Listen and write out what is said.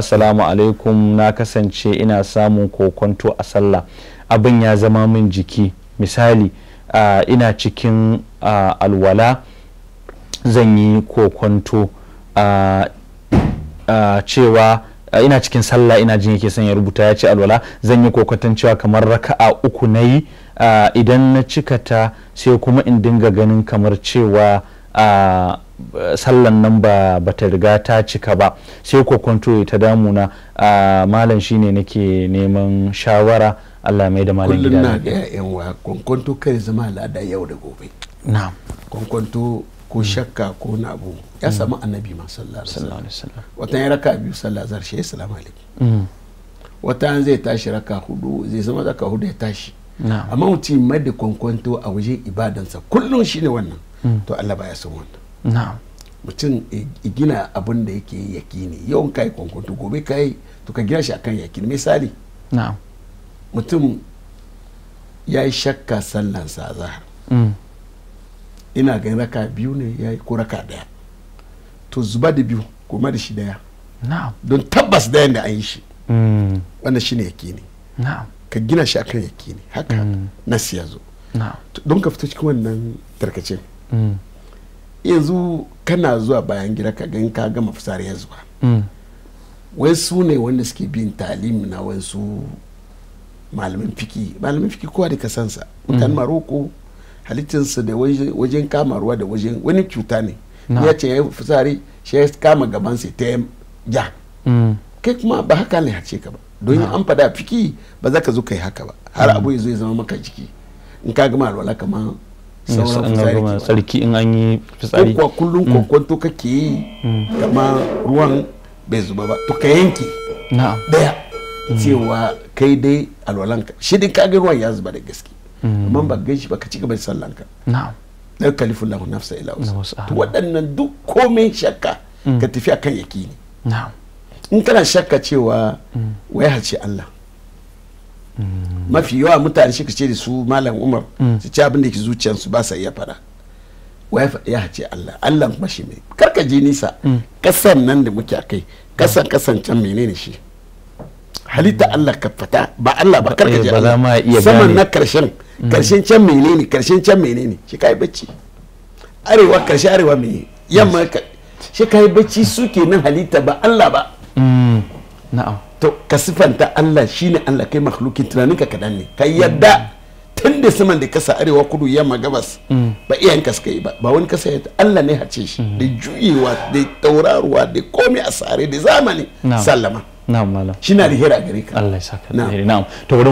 Assalamu alaikum na kasance ina samun kokonto a sallah abin ya zama min jiki misali ina cikin alwala zan yi kokonto cewa ina cikin sallah ina jin yake sanya rubuta ya ce alwala zan yi kokonton cewa kamar raka'a uku na yi idan na cikata sai kuma in dinga ganin kamar cewa sallan nan ba bata riga ta cika ba sai ko kwanto ta damuna malam shine nake neman shawara Allah mai da malam gida na ga yayan wa kwankwanto kai zama al'ada yau da gobe na'am kwankwanto ko mm. shakka ko na abu ya mm. samu annabi ma sallallahu alaihi wasallam wata ya raka biyu sallah zar shi assalamu alaikum mm. wata an zai tashi raka hudu zai zama zaka hudu ya tashi amma mutum mai da kwankwanto a waje ibadansa kullum shine wannan to Allah ya son wannan mutum gina abin da yake yakini yawan kai kwankwanto gobe kai to ka gina shi akan yakini misali mutum ya yi shakka sallan sa mm. ina ganin raka biyu ne ya yi ko raka daya to zuba da biyu kuma da shi daya don tabbas dayan da an yi shi mm. wanda shi ne yakini ka gina shi akan yakini haka mm. na siya zo don ka fito cikin wannan tarkacin yanzu kana zuwa bayan gida ka gan ka gama fitsari ya zuwa wasu su ne wanda suke bin talim na wasu malamin fiki malamin fiki kowa da kasansa mutan maroko halittinsa da wajen kama ruwa da wajen wani cuta ne ya ce ya yi fusari shi ya kama gaban sai ta ja kai kuma ba haka ne hace ka ba don an fada fiki ba za ka zo ka yi haka ba har mm. abu ya ya zama maka jiki in ka gama alwala kamar sauran tsarki in an yi fitsari ko kullum mm. kokonto kake yi mm. kama ruwan bai zuba ba to ka yanke daya mm. cewa kai dai alwalanka shi dai ka ruwan ya zuba da gaske amma ba gan shi ba ka ci gaba da sallanka na kalifin lahu nafsa ila wasa waɗannan duk komai shakka ka tafi akan yakini in kana shakka cewa wai hace Allah mafi yawa mutane shi ce da su malam umar mm. su ci abin da ke zuciyarsu ba sa iya fada wai ya hace allah allah kuma shi ne karka je nisa mm. kasan nan da muke kai kasan kasan can menene shi halitta allah ka fata ba allah ba karka je eh, allah saman na karshen mm. karshen can menene karshen can menene shi kai bacci arewa karshe arewa me yamma shi kai bacci suke nan halitta ba allah ba na'am to ka sifanta Allah shine Allah kai makhlukin tunanin ka kadan ne ka yadda tun da saman da kasa arewa kudu yamma gabas mm. ba iyayen ka suka yi ba ba wani kasa yadda Allah ne hace shi mm. da juyewa da tauraruwa da komai a sare da zamani sallama na'am malam shi na gare ka Allah ya saka na'am to